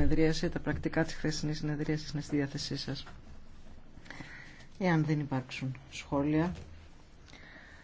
συνεδρίαση, τα πρακτικά της χθεσινής συνεδρίασης είναι στη διάθεσή σας. Εάν δεν υπάρξουν σχόλια...